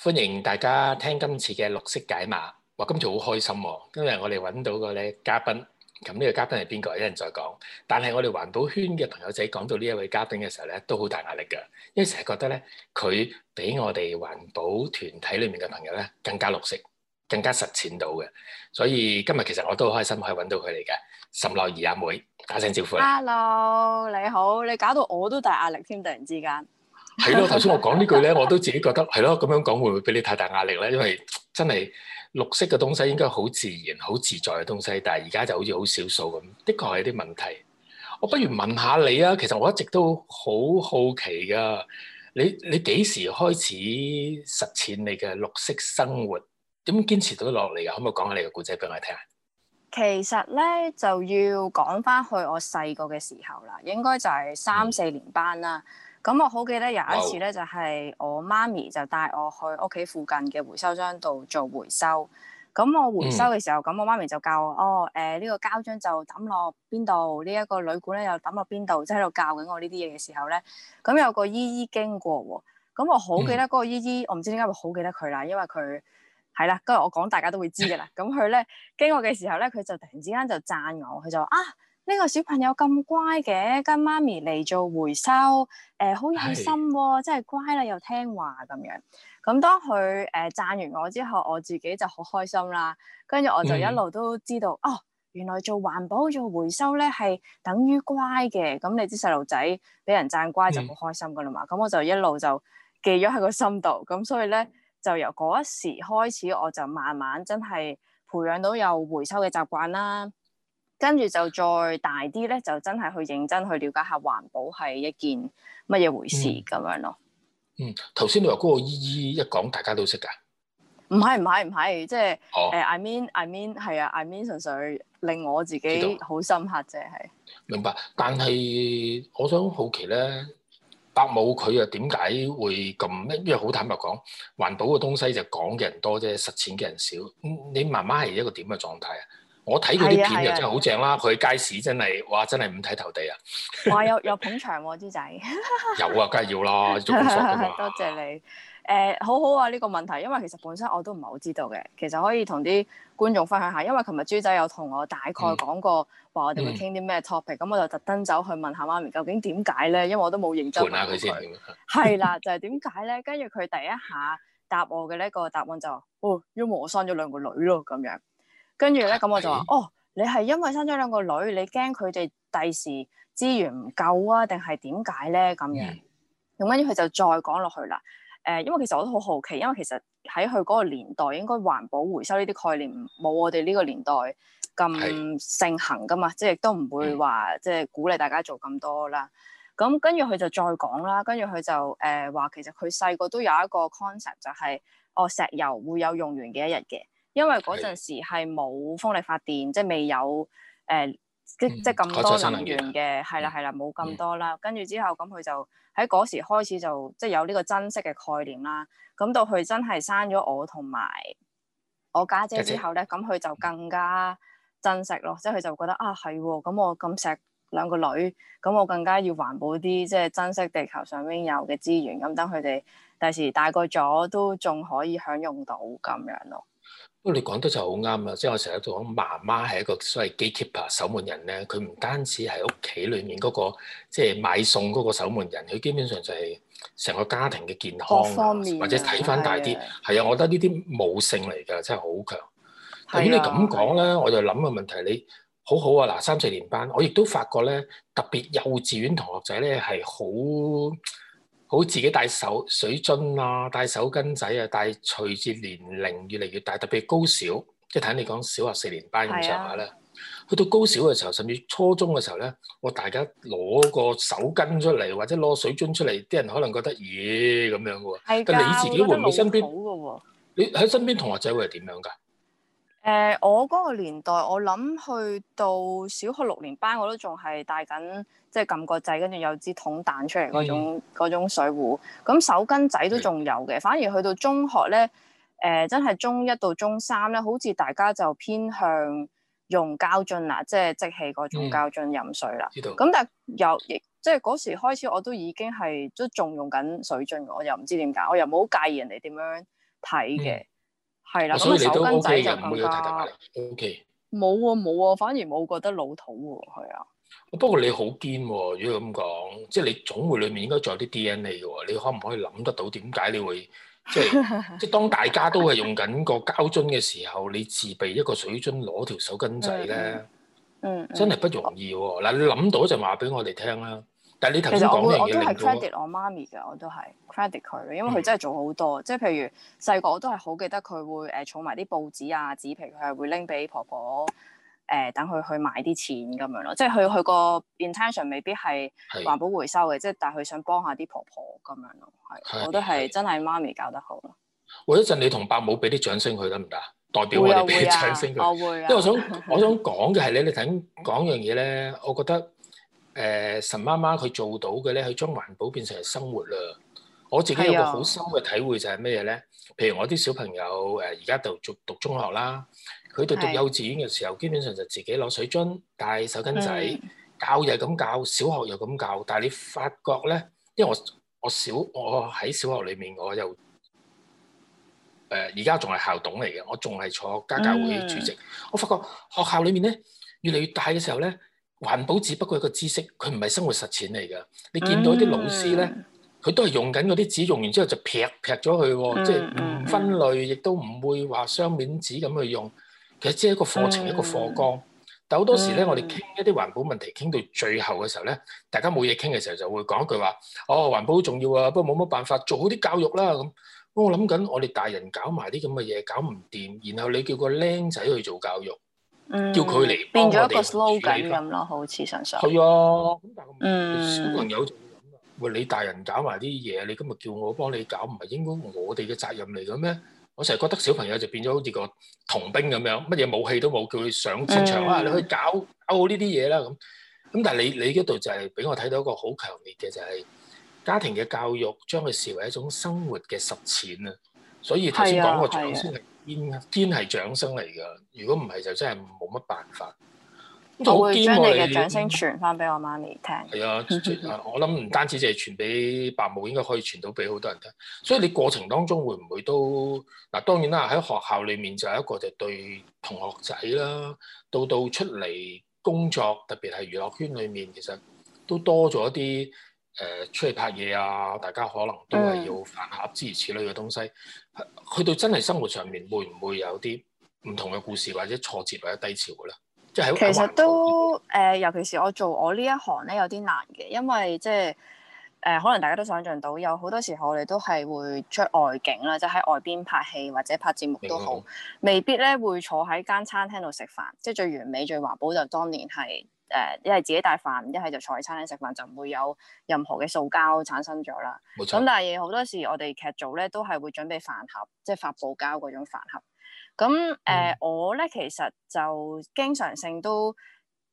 歡迎大家聽今次嘅綠色解碼。哇，今次好開心，今日我哋揾到個咧嘉賓。咁呢個嘉賓係邊個？一陣再講。但係我哋環保圈嘅朋友仔講到呢一位嘉賓嘅時候咧，都好大壓力噶，因為成日覺得咧佢比我哋環保團體裏面嘅朋友咧更加綠色。更加實踐到嘅，所以今日其實我都好開心可以揾到佢嚟嘅。岑樂怡阿妹，打聲招呼你。Hello，你好，你搞到我都大壓力添，突然之間。係 咯，頭先我講呢句咧，我都自己覺得係咯，咁樣講會唔會俾你太大壓力咧？因為真係綠色嘅東西應該好自然、好自在嘅東西，但係而家就好似好少數咁，的確係有啲問題。我不如問，問下你啊，其實我一直都好好奇嘅，你你幾時開始實踐你嘅綠色生活？咁堅持到落嚟㗎，可唔可以講下你嘅故仔俾我聽啊？其實咧就要講翻去我細個嘅時候啦，應該就係三四年班啦。咁、嗯、我好記得有一次咧，就係我媽咪就帶我去屋企附近嘅回收箱度做回收。咁我回收嘅時候，咁、嗯、我媽咪就教我，哦，誒、呃、呢、這個膠樽就抌落邊度，呢、這、一個鋁罐咧又抌落邊度，即喺度教緊我呢啲嘢嘅時候咧，咁有個姨姨經過喎。咁我好記得嗰個姨姨，我唔知點解我好記得佢啦，因為佢。係啦，今日、嗯、我講，大家都會知噶啦。咁佢咧經過嘅時候咧，佢就突然之間就讚我，佢就話啊，呢、這個小朋友咁乖嘅，跟媽咪嚟做回收，誒、呃、好有心，是真係乖啦，又聽話咁樣。咁當佢誒讚完我之後，我自己就好開心啦。跟住我就一路都知道，嗯、哦，原來做環保做回收咧係等於乖嘅。咁你啲細路仔俾人讚乖就好開心噶啦嘛。咁、嗯嗯、我就一路就記咗喺個心度。咁所以咧。就由嗰時開始，我就慢慢真係培養到有回收嘅習慣啦。跟住就再大啲咧，就真係去認真去了解下環保係一件乜嘢回事咁樣咯。嗯，頭先樣、嗯、你話嗰個依依一講，大家都識㗎。唔係唔係唔係，即係誒、啊、I mean I mean 係啊，I mean 純粹令我自己好深刻啫，係。明白，但係我想好奇咧。伯母佢又點解會咁？因為好坦白講，環保嘅東西就講嘅人多啫，實踐嘅人少。你媽媽係一個點嘅狀態啊？我睇佢啲片又真係好正啦！佢的街市真係，哇！真係五體投地啊！ 哇！有有捧場喎、啊，豬仔。 有啊，梗係要啦，啊、 多謝你。誒、呃，好好啊！呢、這個問題，因為其實本身我都唔係好知道嘅。其實可以同啲觀眾分享下，因為琴日豬仔有同我大概講過話，嗯、我哋會傾啲咩 topic，咁我就特登走去問下媽咪究竟點解咧？因為我都冇認真問下佢先。係 啦，就係點解咧？跟住佢第一下答我嘅呢個答案就話： 哦，因為我生咗兩個女咯，咁樣。跟住咧，咁我就話：嗎哦，你係因為生咗兩個女，你驚佢哋第時資源唔夠啊？定係點解咧？咁樣。咁跟住佢就再講落去啦。誒，因為其實我都好好奇，因為其實喺佢嗰個年代，應該環保回收呢啲概念冇我哋呢個年代咁盛行㗎嘛，的即係亦都唔會話即係鼓勵大家做咁多啦。咁跟住佢就再講啦，跟住佢就誒話、呃、其實佢細個都有一個 concept 就係、是，哦，石油會有用完嘅一日嘅，因為嗰陣時係冇風力發電，的即係未有誒。呃即即咁多能源嘅，係啦，係啦，冇咁多啦。跟住、嗯、之後，咁佢就喺嗰時開始就即係、就是、有呢個珍惜嘅概念啦。咁到佢真係生咗我同埋我家姐，姐之後咧，咁佢、嗯、就更加珍惜咯。嗯、即係佢就覺得啊，係喎，咁我咁錫兩個女，咁我更加要環保啲，即、就、係、是、珍惜地球上面有嘅資源。咁等佢哋第時大個咗都仲可以享用到咁樣咯。嗯。不過你講得就好啱啊。即係我成日都講，媽媽係一個所謂 gatekeeper 守門人咧，佢唔單止係屋企裏面嗰個即係買餸嗰個守門人，佢基本上就係成個家庭嘅健康，方面或者睇翻大啲，係啊的，我覺得呢啲母性嚟噶，真係好強。既然你咁講咧，我就諗個問題，你好好啊，嗱，三四年班，我亦都發覺咧，特別幼稚園同學仔咧係好。好自己帶手水樽啊，帶手巾仔啊，帶隨住年齡越嚟越大，特別高小，即係睇你講小學四年班咁上下啦，的去到高小嘅時候，甚至初中嘅時候咧，我大家攞個手巾出嚟，或者攞水樽出嚟，啲人可能覺得，咦、欸、咁樣喎，係的你自己攞都老土嘅喎，你喺身邊同學仔會係點樣㗎？ 誒、呃，我嗰個年代，我諗去到小學六年班，我都仲係帶緊，即係撳個掣，跟住有支筒彈出嚟嗰種、嗯、嗰種水壺。咁手巾仔都仲有嘅，嗯、反而去到中學咧，誒、呃，真係中一到中三咧，好似大家就偏向用膠樽啦，即係即係嗰種膠樽飲水啦。咁、嗯、但又亦即係嗰時開始，我都已經係都仲用緊水樽，我又唔知點解，我又冇介意人哋點樣睇嘅。嗯係啦，嗯、所以你都 OK 嘅，唔會有太大壓力。OK，冇喎，冇喎，反而冇覺得老土喎，係啊。不過你好堅喎，如果咁講，即係你總會裡面應該仲有啲 DNA 嘅喎，你可唔可以諗得到點解你會即係 即係當大家都係用緊個膠樽嘅時候，你自備一個水樽攞條手巾仔咧、 嗯？嗯，嗯，真係不容易喎。嗱、嗯，你諗到就話俾我哋聽啦。但其實我會，我都係 credit 我媽咪嘅，我都係 credit 佢，因為佢真係做好多，即係譬如細個我都係好記得佢會誒儲埋啲報紙啊、紙皮，佢係會拎俾婆婆誒等佢去買啲錢咁樣咯，即係佢佢個 intention 未必係環保回收嘅，即係但係佢想幫下啲婆婆咁樣咯，係，我都係真係媽咪教得好咯。喂，一陣，你同伯母俾啲掌聲佢得唔得？代表我俾啲掌聲佢，因為我想我想講嘅係咧，你頭先講樣嘢咧，我覺得。誒、呃、岑媽媽佢做到嘅咧，佢將環保變成生活啦。哎、呦我自己有個好深嘅體會就係咩嘢咧？譬如我啲小朋友誒，而家就讀讀,讀中學啦，佢哋讀幼稚園嘅時候，對基本上就自己攞水樽帶手巾仔，嗯、教又係咁教，小學又咁教，但係你發覺咧，因為我我小我喺小學裡面，我又誒而家仲係校董嚟嘅，我仲係坐家教會主席，嗯、我發覺學校裡面咧越嚟越大嘅時候咧。越環保只不過係一個知識，佢唔係生活實踐嚟㗎。你見到啲老師咧，佢、mm hmm. 都係用緊嗰啲紙，用完之後就劈劈咗佢，mm hmm. 即係唔分類，亦都唔會話雙面紙咁去用。其實只係一個課程、mm hmm. 一個課綱，但好多時咧，我哋傾一啲環保問題，傾到最後嘅時候咧，大家冇嘢傾嘅時候就會講一句話：哦，環保好重要啊，不過冇乜辦法，做好啲教育啦。咁我諗緊，我哋大人搞埋啲咁嘅嘢搞唔掂，然後你叫個僆仔去做教育。叫佢嚟、嗯、變咗一個 slow 咁咯，好似上水。係啊，嗯，小朋友就會咁啊， 喂，你大人搞埋啲嘢，你今日叫我幫你搞，唔係應該我哋嘅責任嚟嘅咩？我成日覺得小朋友就變咗好似個童兵咁樣，乜嘢武器都冇，叫佢上戰場啊！ 你去搞搞呢啲嘢啦咁。咁但係你你度就係俾我睇到一個好強烈嘅，就係、是、家庭嘅教育將佢視為一種生活嘅實踐啊。所以頭先講個掌聲堅堅係掌聲嚟噶，如果唔係就真係冇乜辦法。咁就將你嘅掌聲傳翻俾我媽咪聽。係啊，的 我諗唔單止淨係傳俾伯母，應該可以傳到俾好多人聽。所以你過程當中會唔會都嗱？當然啦，喺學校裡面就係一個就對同學仔啦。到到出嚟工作，特別係娛樂圈裡面，其實都多咗啲。誒、呃、出去拍嘢啊！大家可能都係要飯盒之類嘅東西，嗯、去到真係生活上面，會唔會有啲唔同嘅故事，或者挫折或者低潮嘅咧？即係其實都誒、呃，尤其是我做我呢一行咧，有啲難嘅，因為即係誒、呃，可能大家都想像到，有好多時候我哋都係會出外景啦，即係喺外邊拍戲或者拍節目都好，明白。未必咧會坐喺間餐廳度食飯。即係最完美、最環保就當年係。誒一係自己帶飯，一係就坐喺餐廳食飯，就唔會有任何嘅塑膠產生咗啦。冇錯。咁但係好多時我哋劇組咧都係會準備飯盒，即係發泡膠嗰種飯盒。咁誒、呃、我咧其實就經常性都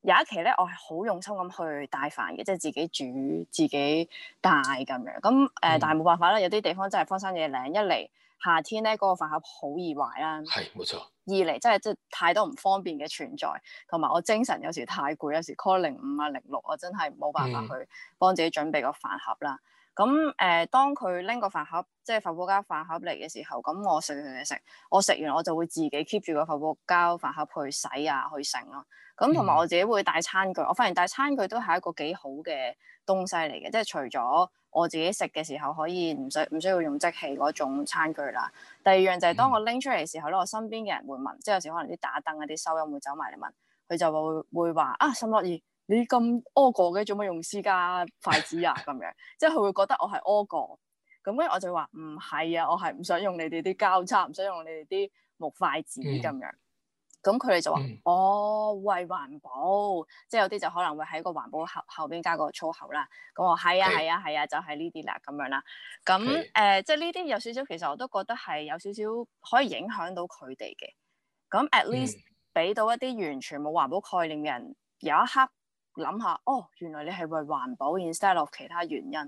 有一期咧，我係好用心咁去帶飯嘅，即係自己煮自己帶咁樣。咁誒，呃嗯、但係冇辦法啦，有啲地方真係荒山野嶺，一嚟。夏天咧嗰、嗰個飯盒好易壞啦，係冇錯。二嚟真係即係太多唔方便嘅存在，同埋我精神有時太攰，有時 call 零五啊零六，6，我真係冇辦法去幫自己準備個飯盒啦。嗯咁誒、呃，當佢拎個飯盒，即係發泡膠飯盒嚟嘅時候，咁我食完嘢食，我食完我就會自己 keep 住個發泡膠飯盒去洗啊，去剩咯、啊。咁同埋我自己會帶餐具，我發現帶餐具都係一個幾好嘅東西嚟嘅，即係除咗我自己食嘅時候可以唔需唔需要用即棄嗰種餐具啦。第二樣就係當我拎出嚟嘅時候咧，嗯、我身邊嘅人會問，即係有時可能啲打燈啲收音會走埋嚟問，佢就話會會話啊，岑樂怡。你咁屙過嘅，做乜用私家筷子啊？咁樣，即係佢會覺得我係屙過，咁跟住我就話唔係啊，我係唔想用你哋啲膠叉，唔想用你哋啲木筷子咁樣子。咁佢哋就話：嗯、哦，為環保，即係有啲就可能會喺個環保後後邊加個粗口啦。咁我係啊係啊係啊，就係呢啲啦咁樣啦。咁誒、嗯呃，即係呢啲有少少，其實我都覺得係有少少可以影響到佢哋嘅。咁 at least 俾到一啲完全冇環保概念嘅人有一刻諗下，哦，原來你係為環保 instead of 其他原因，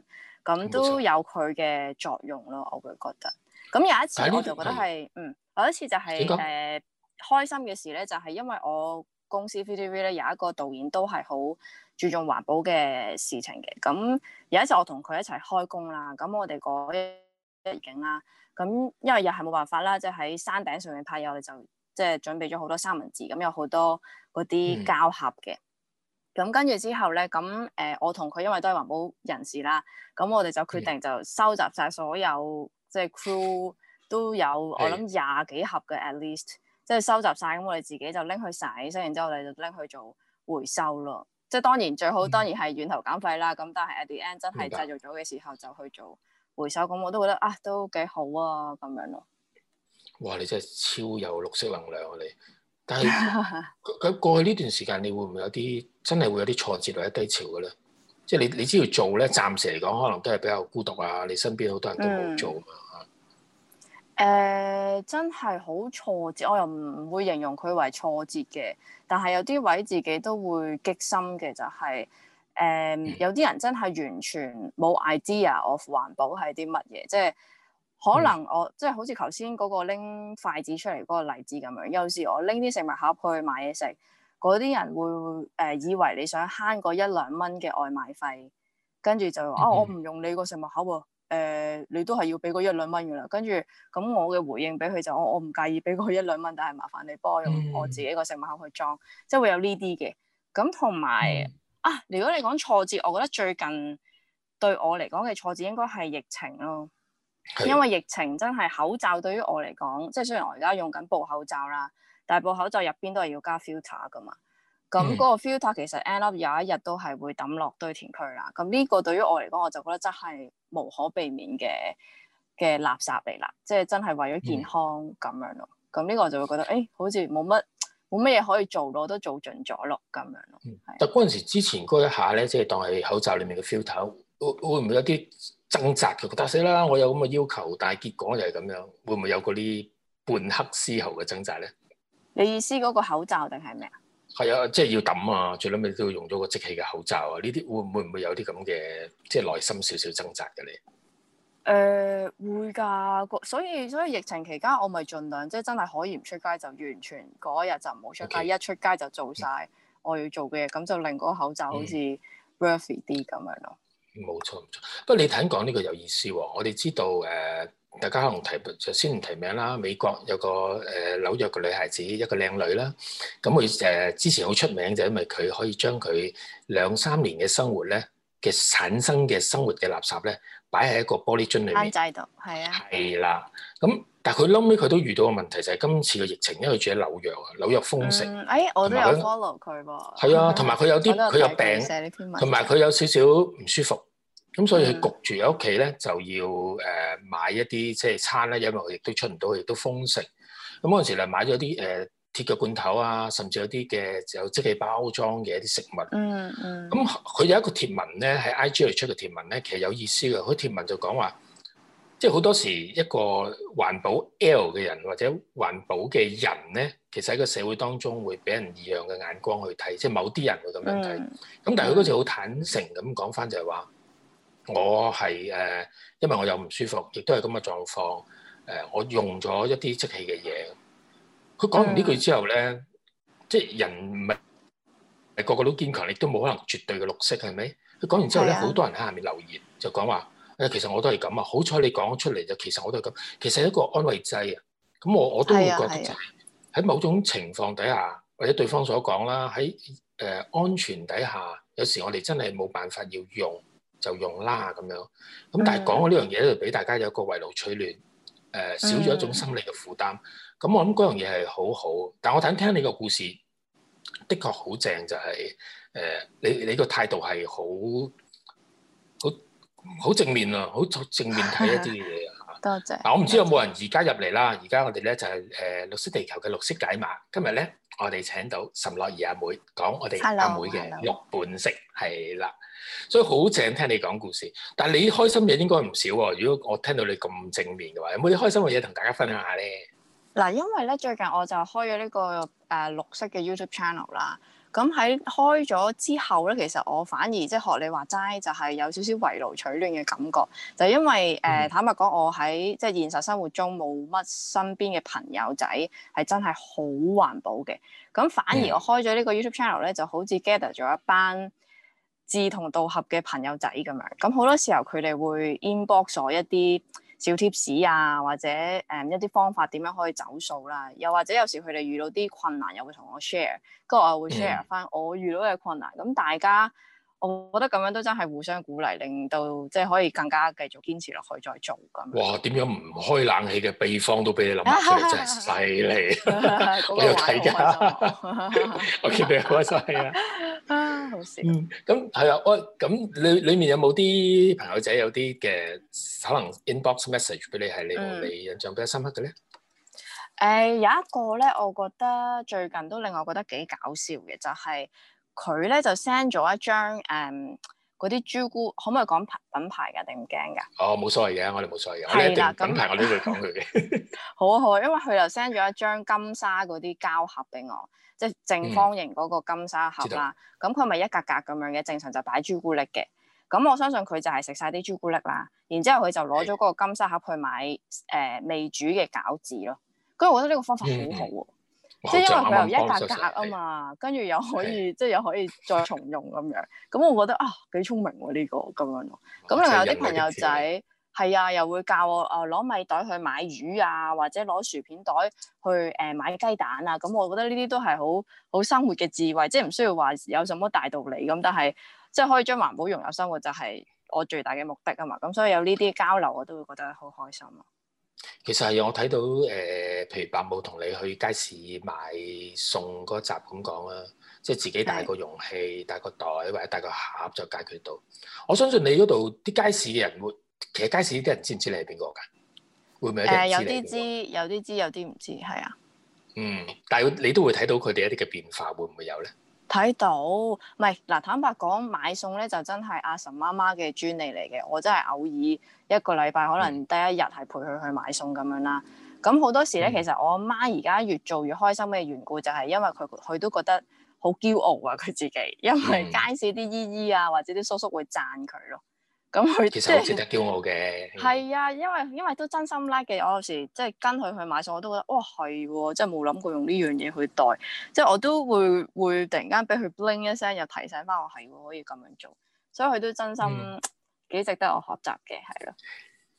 咁都有佢嘅作用咯。我會覺得，咁有一次我就覺得係，嗯，有一次就係、是、誒、呃、開心嘅事咧，就係、是、因為我公司 VTV 咧有一個導演都係好注重環保嘅事情嘅。咁有一次我同佢一齊開工啦，咁我哋改景啦，咁因為又係冇辦法啦，即係喺山頂上面拍，然後就即、是、係準備咗好多三文治，咁有好多嗰啲膠盒嘅。嗯咁跟住之後咧，咁誒、呃、我同佢因為都係環保人士啦，咁我哋就決定就收集晒所有、嗯、所有即係 crew 都有，我諗廿幾盒嘅 at least，即係收集晒，咁我哋自己就拎去洗，即係然之後我哋就拎去做回收咯。即係當然最好當然係源頭減廢啦，咁、嗯、但係 at the end 真係製造咗嘅時候白就去做回收，咁我都覺得啊都幾好啊咁樣咯。哇！你真係超有綠色能量，啊你。但係，佢過去呢段時間，你會唔會有啲真係會有啲挫折或者低潮嘅咧？即係你你知道做咧，暫時嚟講，可能都係比較孤獨啊。你身邊好多人都冇做啊。誒、嗯呃，真係好挫折，我又唔會形容佢為挫折嘅。但係有啲位自己都會激心嘅，就係、是、誒、嗯嗯、有啲人真係完全冇 idea of 環保係啲乜嘢，即係。可能我即係、就是、好似頭先嗰個拎筷子出嚟嗰個例子咁樣，有時我拎啲食物盒去買嘢食，嗰啲人會誒、呃、以為你想慳嗰一兩蚊嘅外賣費，跟住就話啊我唔用你個食物盒喎、啊呃，你都係要俾嗰一兩蚊噶啦。跟住咁我嘅回應俾佢就是、我我唔介意俾嗰一兩蚊，但係麻煩你幫我用我自己個食物盒去裝，嗯、即係會有呢啲嘅。咁同埋啊，如果你講挫折，我覺得最近對我嚟講嘅挫折應該係疫情咯。因為疫情真係口罩對於我嚟講，即係雖然我而家用緊布口罩啦，但係布口罩入邊都係要加 filter 噶嘛。咁嗰、嗯、個 filter 其實 end up 有一日都係會抌落堆填區啦。咁呢個對於我嚟講，我就覺得真係無可避免嘅嘅垃圾嚟啦。即係真係為咗健康咁樣咯。咁呢、嗯、個我就會覺得誒、哎，好似冇乜冇乜嘢可以做咯，都做盡咗咯咁樣咯。嗯、是但係嗰陣時之前嗰一下咧，即、就、係、是、當係口罩裏面嘅 filter。會唔會有啲掙扎嘅？覺得死啦！我有咁嘅要求，但係結果就係咁樣。會唔會有嗰啲半黑絲喉嘅掙扎咧？你意思嗰個口罩定係咩啊？係啊，即係要抌啊！最撚尾都要用咗個即棄嘅口罩啊！呢啲會會唔會有啲咁嘅即係內心少少掙扎嘅咧？誒、呃、會㗎，所以所以疫情期間我咪儘量即係真係可以唔出街就完全嗰日就唔好出街，Okay. 一出街就做晒、嗯、我要做嘅嘢，咁就令嗰個口罩好似 worth 啲咁樣咯。嗯。冇錯，冇錯。不過你頭先講呢個有意思喎、哦，我哋知道誒、呃，大家可能提就先唔提名啦。美國有個誒、呃、紐約嘅女孩子，一個靚女啦。咁佢誒之前好出名，就因為佢可以將佢兩三年嘅生活咧。嘅產生嘅生活嘅垃圾咧，擺喺一個玻璃樽裏面。喺度，係啊，係啦。咁但係佢後屘佢都遇到個問題，就係、是、今次嘅疫情，因為住喺紐約啊，紐約封城。哎、嗯欸，我都有 follow 佢喎。係啊也，同埋佢有啲佢、嗯、有病，同埋佢有少少唔舒服，咁所以佢焗住喺屋企咧，就要誒買一啲即係餐咧，因為佢亦都出唔到，亦都封城。咁嗰陣時咧買咗啲誒。呃鐵嘅罐頭啊，甚至有啲嘅有即棄包裝嘅一啲食物。嗯嗯。咁、嗯、佢、嗯、有一個貼文咧，喺 I G 度出嘅貼文咧，其實有意思嘅。佢貼文就講話，即係好多時一個環保 L 嘅人或者環保嘅人咧，其實喺個社會當中會俾人異樣嘅眼光去睇，即係某啲人會咁樣睇。咁、嗯嗯嗯、但係佢嗰時好坦誠咁講翻，就係話我係誒、呃，因為我又唔舒服，亦都係咁嘅狀況。誒、呃，我用咗一啲即棄嘅嘢。佢講完呢句之後咧，即係人唔係，係個個都堅強，亦都冇可能絕對嘅綠色，係咪？佢講完之後咧，好多人喺下面留言就講話：誒，其實我都係咁啊！好彩你講咗出嚟就，其實我都係咁。其實係一個安慰劑啊。咁我我都會覺得就係喺某種情況底下，或者對方所講啦，喺誒、呃、安全底下，有時我哋真係冇辦法要用就用啦咁樣。咁但係講咗呢樣嘢咧，就俾大家有一個圍爐取暖。誒、呃、少咗一種心理嘅負擔，咁、嗯、我諗嗰樣嘢係好好，但我睇聽你個故事，的確好正，就係、是、誒、呃、你你個態度係好好好正面啊，好正面睇一啲嘢啊！ 多謝嗱，我唔知有冇人而家入嚟啦，而家謝我哋咧就係、是、誒、呃、綠色地球嘅綠色解碼，今日咧。我哋請到岑樂怡阿妹，講我哋阿妹嘅玉盤食係啦，所以好正聽你講故事。但係你開心嘢應該唔少喎。如果我聽到你咁正面嘅話，有冇啲開心嘅嘢同大家分享下咧？嗱，因為咧最近我就開咗呢個誒綠色嘅 YouTube channel 啦。咁喺開咗之後咧，其實我反而即係學你話齋，就係、是就是、有少少圍爐取暖嘅感覺，就因為誒、呃、坦白講，我喺即係現實生活中冇乜身邊嘅朋友仔係真係好環保嘅，咁反而我開咗呢個 YouTube channel 咧，就好似 gather 咗一班志同道合嘅朋友仔咁樣，咁好多時候佢哋會 inbox 咗一啲小貼士啊，或者誒、嗯、一啲方法點樣可以走塑啦，又或者有時佢哋遇到啲困難，又會同我 share，跟住我又會 share 翻我遇到嘅困難。咁、嗯、大家我覺得咁樣都真係互相鼓勵，令到即係、就是、可以更加繼續堅持落去再做咁。哇！點樣唔開冷氣嘅秘方都俾你諗，真係犀利！我有睇㗎，我見到我真係啊～好笑，嗯，咁係啊，我咁裏裏面有冇啲朋友仔有啲嘅可能 inbox message 俾你係令你印象比較深刻嘅咧？誒，有一個咧，我覺得最近都令我覺得幾搞笑嘅，就係佢咧就 send 咗一張誒。嗰啲朱古，可唔可以講牌，品牌㗎？定唔驚㗎？哦，冇所謂嘅，我哋冇所謂嘅，的我呢啲品牌、嗯、我都會講佢嘅。 好啊好啊，因為佢又 send 咗一張金莎嗰啲膠盒俾我，即係正方形嗰個金莎盒啦。咁佢咪一格格咁樣嘅，正常就擺朱古力嘅。咁我相信佢就係食晒啲朱古力啦。然之後佢就攞咗嗰個金莎盒去買誒的、呃、未煮嘅餃子咯。咁我覺得呢個方法好好、啊、喎。嗯即係因為佢由一格格啊嘛，哎、跟住又可以，即係、哎、又可以再重用咁樣。咁 我覺得啊，幾聰明喎呢個咁樣。咁另外有啲朋友仔係、嗯、啊，又會教我誒攞、呃、米袋去買魚啊，或者攞薯片袋去誒買雞蛋啊。咁、嗯、我覺得呢啲都係好好生活嘅智慧，即係唔需要話有什麼大道理咁，但係即係可以將環保融入生活，就係我最大嘅目的啊嘛。咁所以有呢啲交流，我都會覺得好開心啊！其實係我睇到誒、呃，譬如白母同你去街市買餸嗰集咁講啦，即係自己帶個容器、帶個袋或者帶個盒就解決到。我相信你嗰度啲街市嘅人會，其實街市啲人知唔知你係邊個㗎？會唔會有啲知？呃，有啲知，有啲知，有啲唔知，係啊。嗯，但係你都會睇到佢哋一啲嘅變化，會唔會有咧？睇到，唔係嗱，坦白講買餸咧，就真係阿嬸媽媽嘅專利嚟嘅，我真係偶爾一個禮拜可能第一日係陪佢去買餸咁、嗯、樣啦。咁好多時咧，其實我媽而家越做越開心嘅緣故，就係因為佢佢都覺得好驕傲啊，佢自己，因為街市啲姨姨啊或者啲叔叔會讚佢咯。咁佢其實值得驕傲嘅。係啊、嗯，因為因為都真心 like 嘅，我有時即係跟佢去買餸，我都覺得哇係喎，即係冇諗過用呢樣嘢去代，即係我都會會突然間俾佢 bling 一聲，又提醒翻我係喎，可以咁樣做，所以佢都真心幾、嗯、值得我學習嘅，係咯。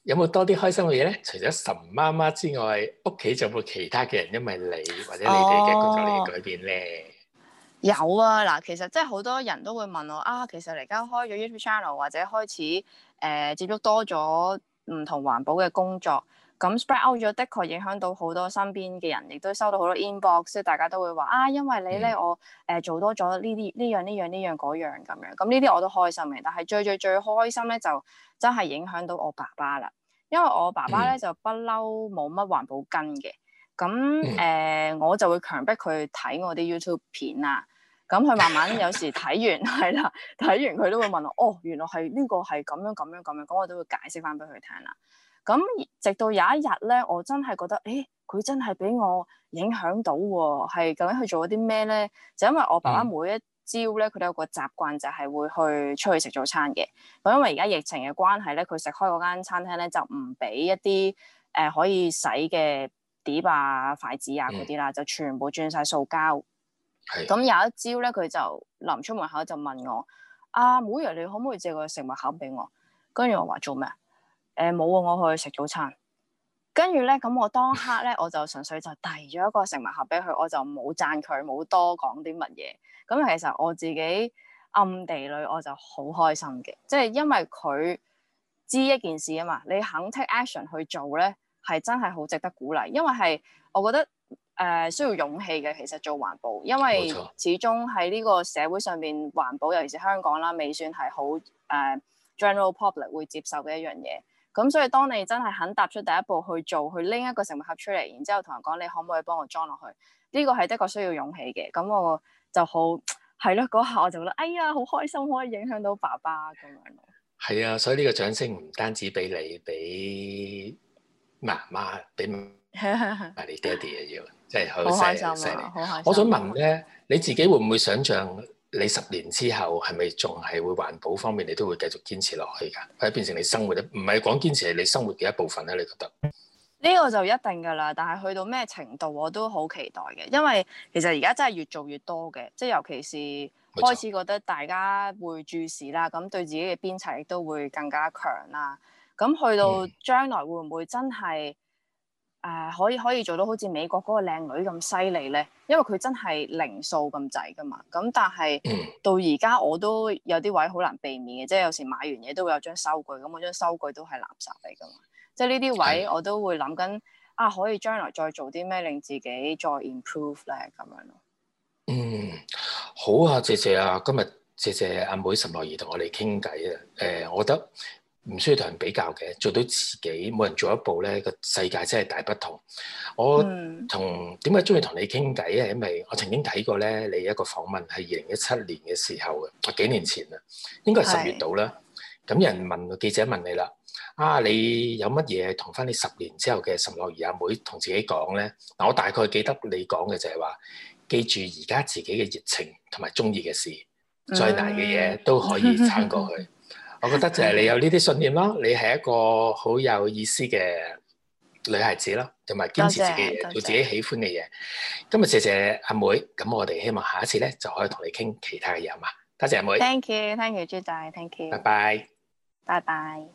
有冇多啲開心嘅嘢咧？除咗岑媽媽之外，屋企仲有冇其他嘅人因為你或者你哋嘅工作嚟改變咧？有啊，嗱，其實即係好多人都會問我啊，其實你而家開咗 YouTube channel 或者開始誒、呃、接觸多咗唔同環保嘅工作，咁 spread out 咗，的確影響到好多身邊嘅人，亦都收到好多 inbox，所以大家都會話啊，因為你咧，嗯、我誒、呃、做多咗呢啲呢樣呢樣呢樣嗰樣咁樣，咁呢啲我都開心嘅，但係最最最開心咧就真係影響到我爸爸啦，因為我爸爸咧、嗯、就不嬲冇乜環保根嘅。咁誒、呃，我就會強迫佢睇我啲 YouTube 片啦。咁佢慢慢有時睇完，係啦， 睇完佢都會問我：哦，原來係呢、這個係咁樣咁樣咁樣。咁我都會解釋翻俾佢聽啦。咁直到有一日咧，我真係覺得，誒，佢真係俾我影響到喎、啊。係究竟去做咗啲咩咧？就因為我爸爸每一朝咧，佢都有個習慣，就係會去出去食早餐嘅。咁因為而家疫情嘅關係咧，佢食開嗰間餐廳咧，就唔俾一啲誒可以洗嘅。碟啊、筷子啊嗰啲啦，就全部轉晒塑膠。咁有一朝咧，佢就臨出門口就問我：阿妹啊，你可唔可以借個食物盒俾我？跟住我話做咩？誒，冇啊，我去食早餐。跟住咧，咁我當刻咧，我就純粹就遞咗一個食物盒俾佢，我就冇讚佢，冇多講啲乜嘢。咁其實我自己暗地裏我就好開心嘅，即係因為佢知一件事啊嘛，你肯 take action 去做咧。係真係好值得鼓勵，因為係我覺得誒、呃、需要勇氣嘅。其實做環保，因為始終喺呢個社會上面環保，尤其是香港啦，未算係好誒 general public 會接受嘅一樣嘢。咁所以當你真係肯踏出第一步去做，去拎一個食物盒出嚟，然之後同人講你可唔可以幫我裝落去？呢、這個係的確需要勇氣嘅。咁我就好係咯，嗰下我就覺得哎呀，好開心可以影響到爸爸咁樣咯。係啊，所以呢個掌聲唔單止俾你，俾。媽媽俾，啊你爹哋啊要，即係好錫錫你。好開心啊！我想問咧，你自己會唔會想像你十年之後係咪仲係會環保方面你都會繼續堅持落去㗎？或者變成你生活咧？唔係講堅持係你生活嘅一部分咧？你覺得？呢個就一定㗎啦。但係去到咩程度我都好期待嘅，因為其實而家真係越做越多嘅，即係尤其是開始覺得大家會注視啦，咁對自己嘅鞭策亦都會更加強啦。咁去到將來會唔會真係誒、嗯呃、可以可以做到好似美國嗰個靚女咁犀利咧？因為佢真係零數咁滯噶嘛。咁但係到而家我都有啲位好難避免嘅，嗯、即係有時買完嘢都會有張收據，咁我張收據都係垃圾嚟噶嘛。即係呢啲位我都會諗緊、嗯、啊，可以將來再做啲咩令自己再 improve 咧咁樣咯。嗯，好啊，謝謝啊，今日謝謝阿、啊、妹岑樂怡同我哋傾偈啊。誒、呃，我覺得。唔需要同人比較嘅，做到自己，每人做一步咧，個世界真係大不同。我同點解中意同你傾偈啊？因為我曾經睇過咧，你一個訪問係二零一七年嘅時候嘅，幾年前啊，應該係十月度啦。咁是有人問個記者問你啦，啊，你有乜嘢同翻你十年之後嘅岑樂怡阿妹同自己講咧？嗱，我大概記得你講嘅就係話，記住而家自己嘅熱情同埋中意嘅事，再大嘅嘢都可以撐過去。嗯 我覺得就係你有呢啲信念咯，你係一個好有意思嘅女孩子咯，同埋堅持自己嘅嘢，做自己喜歡嘅嘢。今日謝謝阿妹，咁我哋希望下一次咧就可以同你傾其他嘅嘢嘛？多謝阿妹。Thank you, thank you，豬仔，thank you。拜拜，拜拜。